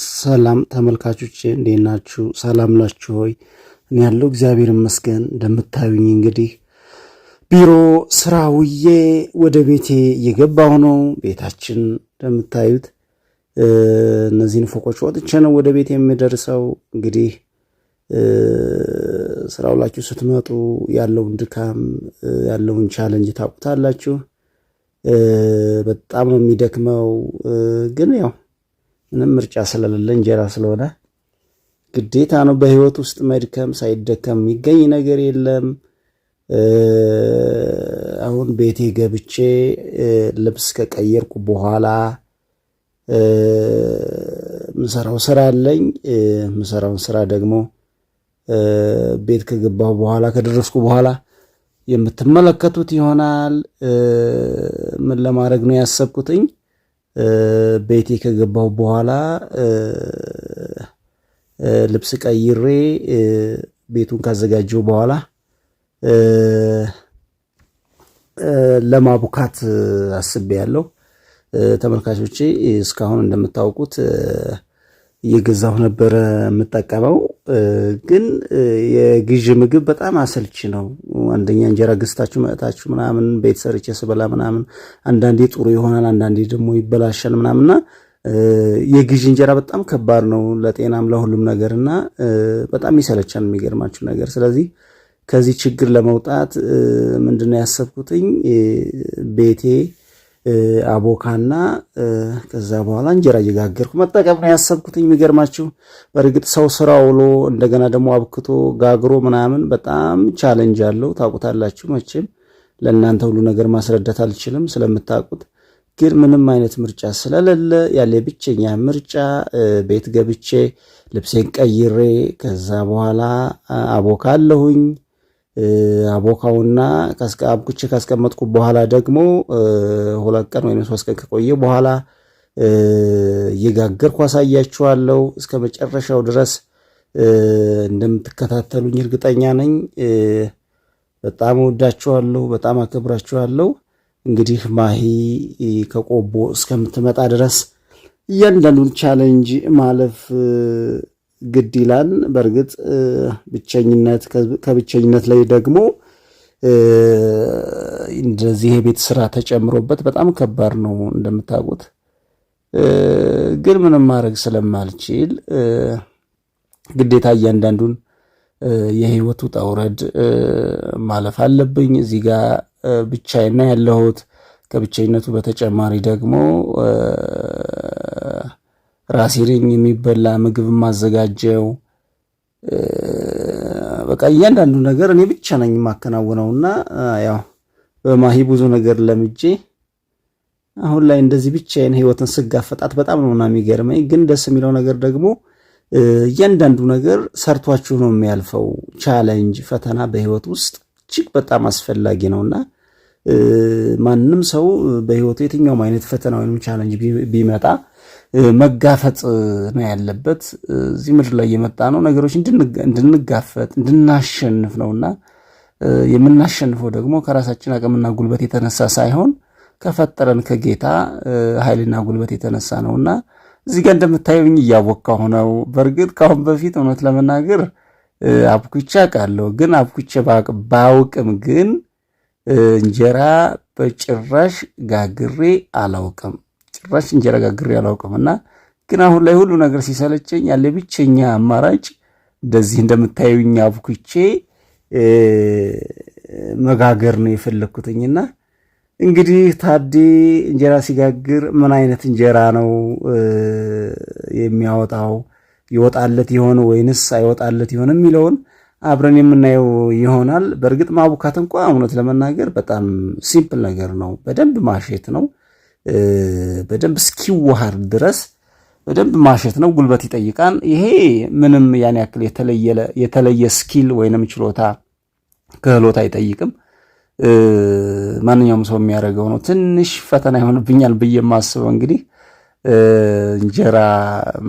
ሰላም ተመልካቾች እንዴት ናችሁ? ሰላም ናችሁ ሆይ? እኔ ያለው እግዚአብሔር ይመስገን። እንደምታዩኝ እንግዲህ ቢሮ ስራ ውዬ ወደ ቤቴ እየገባሁ ነው። ቤታችን እንደምታዩት እነዚህን ፎቆች ወጥቼ ነው ወደ ቤት የሚደርሰው። እንግዲህ ስራ ውላችሁ ስትመጡ ያለውን ድካም ያለውን ቻለንጅ ታውቁታላችሁ። በጣም ነው የሚደክመው፣ ግን ያው ምንም ምርጫ ስለሌለ እንጀራ ስለሆነ ግዴታ ነው። በህይወት ውስጥ መድከም ሳይደከም የሚገኝ ነገር የለም። አሁን ቤቴ ገብቼ ልብስ ከቀየርኩ በኋላ ምሰራው ስራ አለኝ። ምሰራውን ስራ ደግሞ ቤት ከገባሁ በኋላ ከደረስኩ በኋላ የምትመለከቱት ይሆናል። ምን ለማድረግ ነው ያሰብኩትኝ? ቤቴ ከገባሁ በኋላ ልብስ ቀይሬ ቤቱን ካዘጋጀው በኋላ ለማቡካት ያለው ተመልካቾቼ እስካሁን እንደምታውቁት እየገዛሁ ነበረ የምጠቀመው። ግን የግዥ ምግብ በጣም አሰልቺ ነው። አንደኛ እንጀራ ገዝታችሁ መጥታችሁ ምናምን ቤት ሰርቼ ስበላ ምናምን አንዳንዴ ጥሩ ይሆናል፣ አንዳንዴ ደግሞ ይበላሻል ምናምንና የግዥ እንጀራ በጣም ከባድ ነው ለጤናም ለሁሉም ነገር እና በጣም ይሰለቻል የሚገርማችሁ ነገር። ስለዚህ ከዚህ ችግር ለመውጣት ምንድነው ያሰብኩትኝ ቤቴ አቦካና ከዛ በኋላ እንጀራ እየጋገርኩ መጠቀም ነው ያሰብኩት። የሚገርማችሁ በእርግጥ ሰው ስራ ውሎ እንደገና ደግሞ አብክቶ ጋግሮ ምናምን በጣም ቻለንጅ አለው። ታውቁታላችሁ መቼም ለእናንተ ሁሉ ነገር ማስረዳት አልችልም ስለምታውቁት። ግን ምንም አይነት ምርጫ ስለሌለ ያለ ብቸኛ ምርጫ ቤት ገብቼ ልብሴን ቀይሬ ከዛ በኋላ አቦካ አለሁኝ አቦካውና አብኩቼ ካስቀመጥኩ በኋላ ደግሞ ሁለት ቀን ወይም ሶስት ቀን ከቆየ በኋላ እየጋገርኩ አሳያችኋለሁ። እስከ መጨረሻው ድረስ እንደምትከታተሉኝ እርግጠኛ ነኝ። በጣም እወዳችኋለሁ፣ በጣም አከብራችኋለሁ። እንግዲህ ማሂ ከቆቦ እስከምትመጣ ድረስ እያንዳንዱን ቻለንጅ ማለፍ ግድ ይላል። በእርግጥ ብቸኝነት ከብቸኝነት ላይ ደግሞ እንደዚህ የቤት ስራ ተጨምሮበት በጣም ከባድ ነው እንደምታውቁት። ግን ምንም ማድረግ ስለማልችል ግዴታ እያንዳንዱን የህይወት ውጣ ውረድ ማለፍ አለብኝ። እዚህ ጋር ብቻዬን ያለሁት። ከብቸኝነቱ በተጨማሪ ደግሞ ራሴን የሚበላ ምግብ ማዘጋጀው በቃ እያንዳንዱ ነገር እኔ ብቻ ነኝ የማከናውነውና ያው በማሂ ብዙ ነገር ለምጄ አሁን ላይ እንደዚህ ብቻዬን ህይወትን ስጋፈጣት በጣም ነውና የሚገርመኝ። ግን ደስ የሚለው ነገር ደግሞ እያንዳንዱ ነገር ሰርቷችሁ ነው የሚያልፈው። ቻለንጅ ፈተና በህይወት ውስጥ እጅግ በጣም አስፈላጊ ነውና ማንም ሰው በህይወቱ የትኛውም አይነት ፈተና ወይም ቻለንጅ ቢመጣ መጋፈጥ ነው ያለበት። እዚህ ምድር ላይ የመጣ ነው ነገሮች እንድንጋፈጥ እንድናሸንፍ ነውና የምናሸንፈው ደግሞ ከራሳችን አቅምና ጉልበት የተነሳ ሳይሆን ከፈጠረን ከጌታ ኃይልና ጉልበት የተነሳ ነውና እዚህ ጋር እንደምታዩኝ እያቦካሁ ነው። በእርግጥ ከአሁን በፊት እውነት ለመናገር አብኩቼ ቃለሁ ግን አብኩቼ ባውቅም ግን እንጀራ በጭራሽ ጋግሬ አላውቅም። ጭራሽ እንጀራ ጋግሬ አላውቅም እና ግን አሁን ላይ ሁሉ ነገር ሲሰለቸኝ ያለ ብቸኛ አማራጭ እንደዚህ እንደምታዩኝ አብኩቼ መጋገር ነው የፈለግኩትኝና እንግዲህ ታዴ እንጀራ ሲጋግር ምን አይነት እንጀራ ነው የሚያወጣው? ይወጣለት ይሆን ወይንስ አይወጣለት ይሆን የሚለውን አብረን የምናየው ይሆናል። በእርግጥ ማቡካት እንኳ እውነት ለመናገር በጣም ሲምፕል ነገር ነው። በደንብ ማሸት ነው። በደንብ እስኪዋሃር ድረስ በደንብ ማሸት ነው። ጉልበት ይጠይቃል። ይሄ ምንም ያን ያክል የተለየ ስኪል ወይንም ችሎታ ክህሎት አይጠይቅም። ማንኛውም ሰው የሚያደርገው ነው። ትንሽ ፈተና ይሆንብኛል ብዬ የማስበው እንግዲህ እንጀራ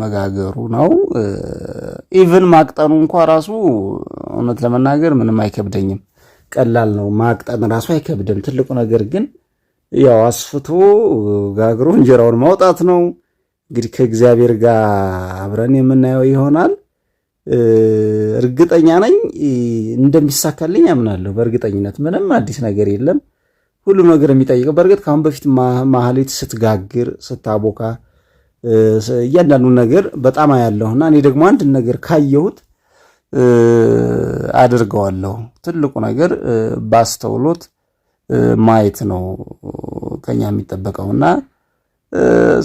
መጋገሩ ነው። ኢቭን ማቅጠኑ እንኳ ራሱ እውነት ለመናገር ምንም አይከብደኝም፣ ቀላል ነው። ማቅጠን ራሱ አይከብድም። ትልቁ ነገር ግን ያው አስፍቶ ጋግሮ እንጀራውን ማውጣት ነው። እንግዲህ ከእግዚአብሔር ጋር አብረን የምናየው ይሆናል። እርግጠኛ ነኝ እንደሚሳካልኝ አምናለሁ። በእርግጠኝነት ምንም አዲስ ነገር የለም። ሁሉም ነገር የሚጠይቀው በእርግጥ ከአሁን በፊት ማህሌት ስትጋግር ስታቦካ እያንዳንዱን ነገር በጣም አያለሁና እኔ ደግሞ አንድ ነገር ካየሁት አድርገዋለሁ። ትልቁ ነገር ባስተውሎት ማየት ነው ከኛ የሚጠበቀው እና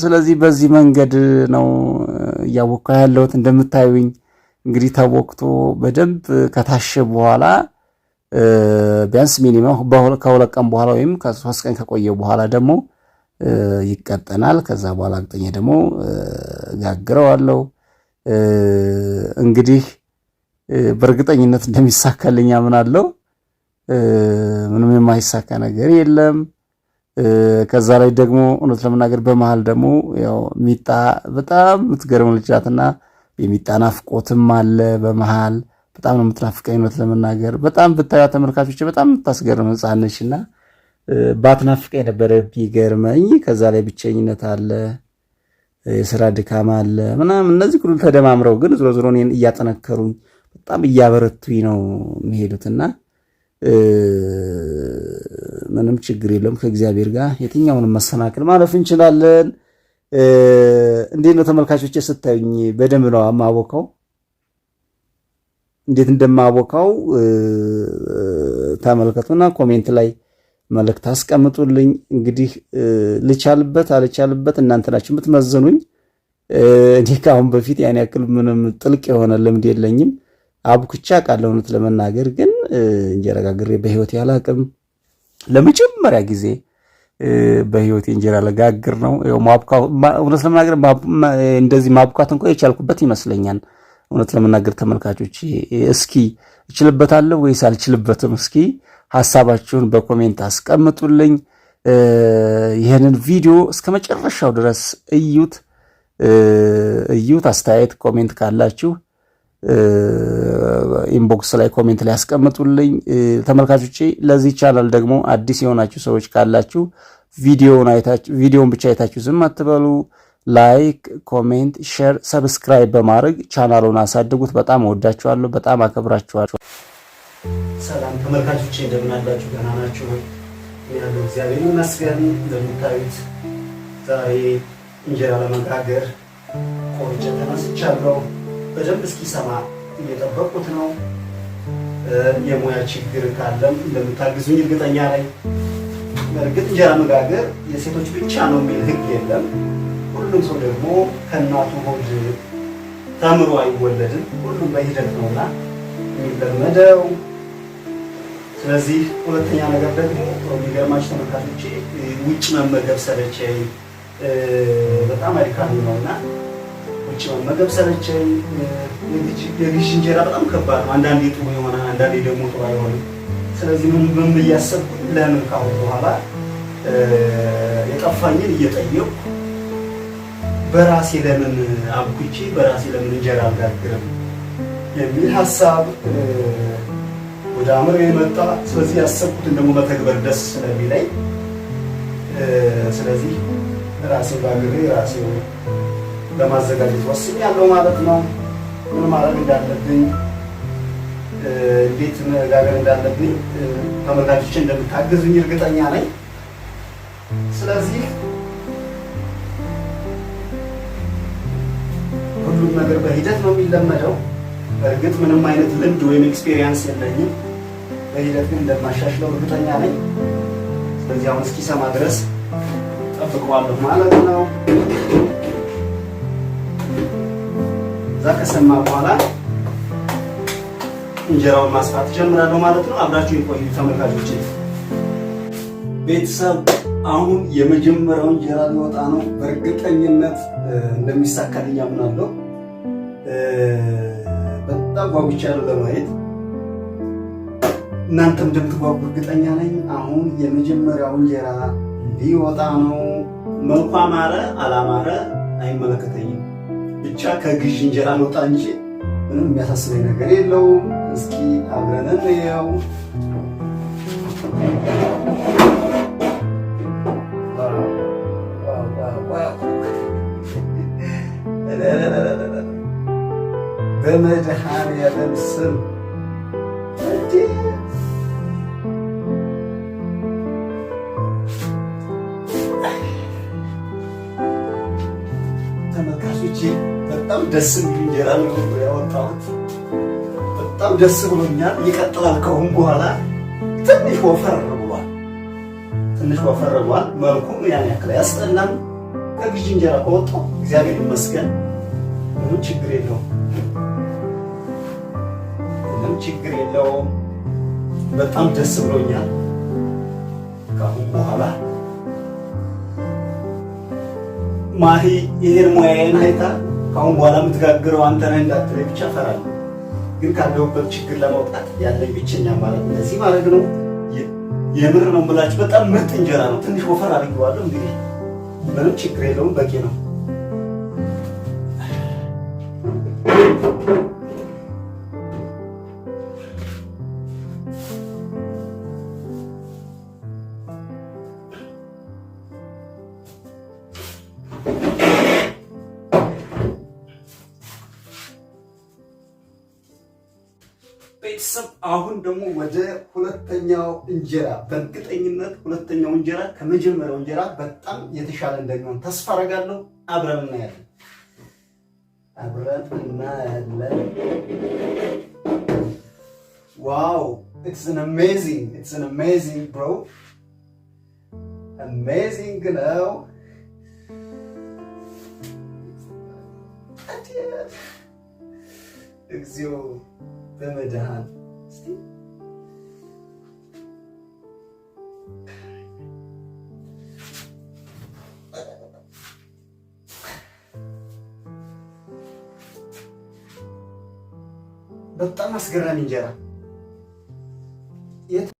ስለዚህ በዚህ መንገድ ነው እያወቅኩ ያለሁት። እንደምታዩኝ እንግዲህ ተወቅቶ በደንብ ከታሸ በኋላ ቢያንስ ሚኒመም ከሁለት ቀን በኋላ ወይም ከሶስት ቀን ከቆየ በኋላ ደግሞ ይቀጠናል። ከዛ በኋላ አግጠኛ ደግሞ ጋግረዋለሁ። እንግዲህ በእርግጠኝነት እንደሚሳካልኝ አምናለሁ። ምንም የማይሳካ ነገር የለም። ከዛ ላይ ደግሞ እውነት ለመናገር በመሃል ደግሞ ያው ሚጣ በጣም የምትገርም ልጅ ናትና የሚጣ ናፍቆትም አለ። በመሃል በጣም ነው የምትናፍቀኝ። እውነት ለመናገር በጣም ብታዩ ተመልካቾች፣ በጣም የምታስገርም ሕፃን እና ባትናፍቀኝ ነበረ ቢገርመኝ። ከዛ ላይ ብቸኝነት አለ፣ የስራ ድካም አለ ምናምን። እነዚህ ሁሉ ተደማምረው ግን ዝሮ ዝሮ እኔን እያጠነከሩኝ በጣም እያበረቱኝ ነው የሚሄዱትና ምንም ችግር የለም። ከእግዚአብሔር ጋር የትኛውንም መሰናክል ማለፍ እንችላለን። እንዴት ነው ተመልካቾች ስታዩኝ? በደንብ ነው የማቦካው። እንዴት እንደማቦካው ተመልከቱና ኮሜንት ላይ መልእክት አስቀምጡልኝ። እንግዲህ ልቻልበት አልቻልበት እናንተ ናችሁ የምትመዝኑኝ። እኔ ከአሁን በፊት ያን ያክል ምንም ጥልቅ የሆነ ልምድ የለኝም። አብኩቻ ቃለ እውነት ለመናገር ግን እንጀራ ጋግሬ በህይወት ያላቅም። ለመጀመሪያ ጊዜ በህይወት እንጀራ ለጋግር ነው። እውነት ለመናገር እንደዚህ ማብኳት እንኳ የቻልኩበት ይመስለኛል። እውነት ለመናገር ተመልካቾች እስኪ እችልበታለሁ ወይስ አልችልበትም? እስኪ ሀሳባችሁን በኮሜንት አስቀምጡልኝ። ይህንን ቪዲዮ እስከ መጨረሻው ድረስ እዩት እዩት። አስተያየት ኮሜንት ካላችሁ ኢንቦክስ ላይ ኮሜንት ላይ ያስቀምጡልኝ። ተመልካቾቼ ለዚህ ቻናል ደግሞ አዲስ የሆናችሁ ሰዎች ካላችሁ ቪዲዮውን ብቻ አይታችሁ ዝም አትበሉ። ላይክ፣ ኮሜንት፣ ሼር፣ ሰብስክራይብ በማድረግ ቻናሉን አሳድጉት። በጣም እወዳችኋለሁ። በጣም አከብራችኋለሁ። ሰላም ተመልካቾቼ እንደምን አላችሁ? ደህና ናችሁ? ያለው እግዚአብሔር ይመስገን። እንደምታዩት ዛሬ እንጀራ ለመጋገር ቆርጬ ተነስቻለሁ። በደንብ እስኪሰማ እየጠበቁት ነው። የሙያ ችግር ካለም እንደምታግዙኝ እርግጠኛ ላይ እርግጥ እንጀራ መጋገር የሴቶች ብቻ ነው የሚል ሕግ የለም። ሁሉም ሰው ደግሞ ከእናቱ ሆድ ተምሮ አይወለድም። ሁሉም በሂደት ነውና የሚለመደው። ስለዚህ ሁለተኛ ነገር ደግሞ የሚገርማችሁ ተመልካቾቼ ውጭ መመገብ ሰለቼ በጣም አድካሚ ነውና ብቻው መገብ ሰለቸኝ። የግዢ እንጀራ በጣም ከባድ ነው። አንዳንዴ ጥሩ የሆነ አንዳንዴ ደግሞ ጥሩ አይሆንም። ስለዚህ ምን ምን እያሰብኩኝ ለምን ካሁን በኋላ የጠፋኝን እየጠየቁ በራሴ ለምን አብኩቼ በራሴ ለምን እንጀራ አልጋግርም የሚል ሀሳብ ወደ አእምሮ የመጣ ስለዚህ ያሰብኩትን ደግሞ መተግበር ደስ ስለሚለኝ ስለዚህ ራሴ ባግሬ ራሴ ለማዘጋጀት ወስኝ ያለው ማለት ነው። ምን ማድረግ እንዳለብኝ፣ እንዴት መነጋገር እንዳለብኝ ተመልካቾች እንደምታግዙኝ እርግጠኛ ነኝ። ስለዚህ ሁሉም ነገር በሂደት ነው የሚለመደው። በእርግጥ ምንም አይነት ልምድ ወይም ኤክስፔሪየንስ የለኝም። በሂደት ግን እንደማሻሽለው እርግጠኛ ነኝ። ስለዚህ አሁን እስኪሰማ ድረስ ጠብቀዋለሁ ማለት ነው። ከዛ ከሰማ በኋላ እንጀራውን ማስፋት ጀምራለሁ ማለት ነው። አብራችሁ የቆዩ ተመልካቾች። ቤተሰብ አሁን የመጀመሪያው እንጀራ ሊወጣ ነው። በእርግጠኝነት እንደሚሳካልኝ አምናለሁ። በጣም ጓጉቻለሁ ለማየት እናንተም እንደምትጓጉ እርግጠኛ ነኝ። አሁን የመጀመሪያው እንጀራ ሊወጣ ነው። መልኳ አማረ አላማረ አይመለከተኝም። ብቻ ከግዥ እንጀራ ልውጣ እንጂ ምንም የሚያሳስበኝ ነገር የለውም። እስኪ አብረን እንየው። በመድኃኔዓለም ስም ተመልካቾቼ በጣም ደስ የሚል እንጀራ ነው ያወጣሁት። በጣም ደስ ብሎኛል። ይቀጥላል። ከሁን በኋላ ትንሽ ወፈር ብሏል። ትንሽ ወፈር ብሏል። መልኩ ያን ያክል ያስጠላል። ከግዢ እንጀራ ከወጣሁ እግዚአብሔር ይመስገን። ምንም ችግር የለው፣ ምንም ችግር የለውም። በጣም ደስ ብሎኛል። ከአሁን በኋላ ማሂ ይሄን ሙያዬን አይታ ከአሁን በኋላ የምትጋግረው አንተ ነህ እንዳትለ ብቻ ፈራል። ግን ካለሁበት ችግር ለማውጣት ያለኝ ብቸኛ ማለት እነዚህ ማድረግ ነው። የምር ነው ምላች በጣም ምርጥ እንጀራ ነው። ትንሽ ወፈር አድርጌዋለሁ። እንግዲህ ምንም ችግር የለውም፣ በቂ ነው። ሁለተኛው እንጀራ በእርግጠኝነት ሁለተኛው እንጀራ ከመጀመሪያው እንጀራ በጣም የተሻለ እንደሚሆን ተስፋ አደርጋለሁ። አብረን እናያለን፣ አብረን እናያለን። ዋው ኢትስ አን አሜዚንግ ኢትስ አን አሜዚንግ ብሮ አሜዚንግ ነው። እግዚኦ በመድሃን በጣም አስገራሚ እንጀራ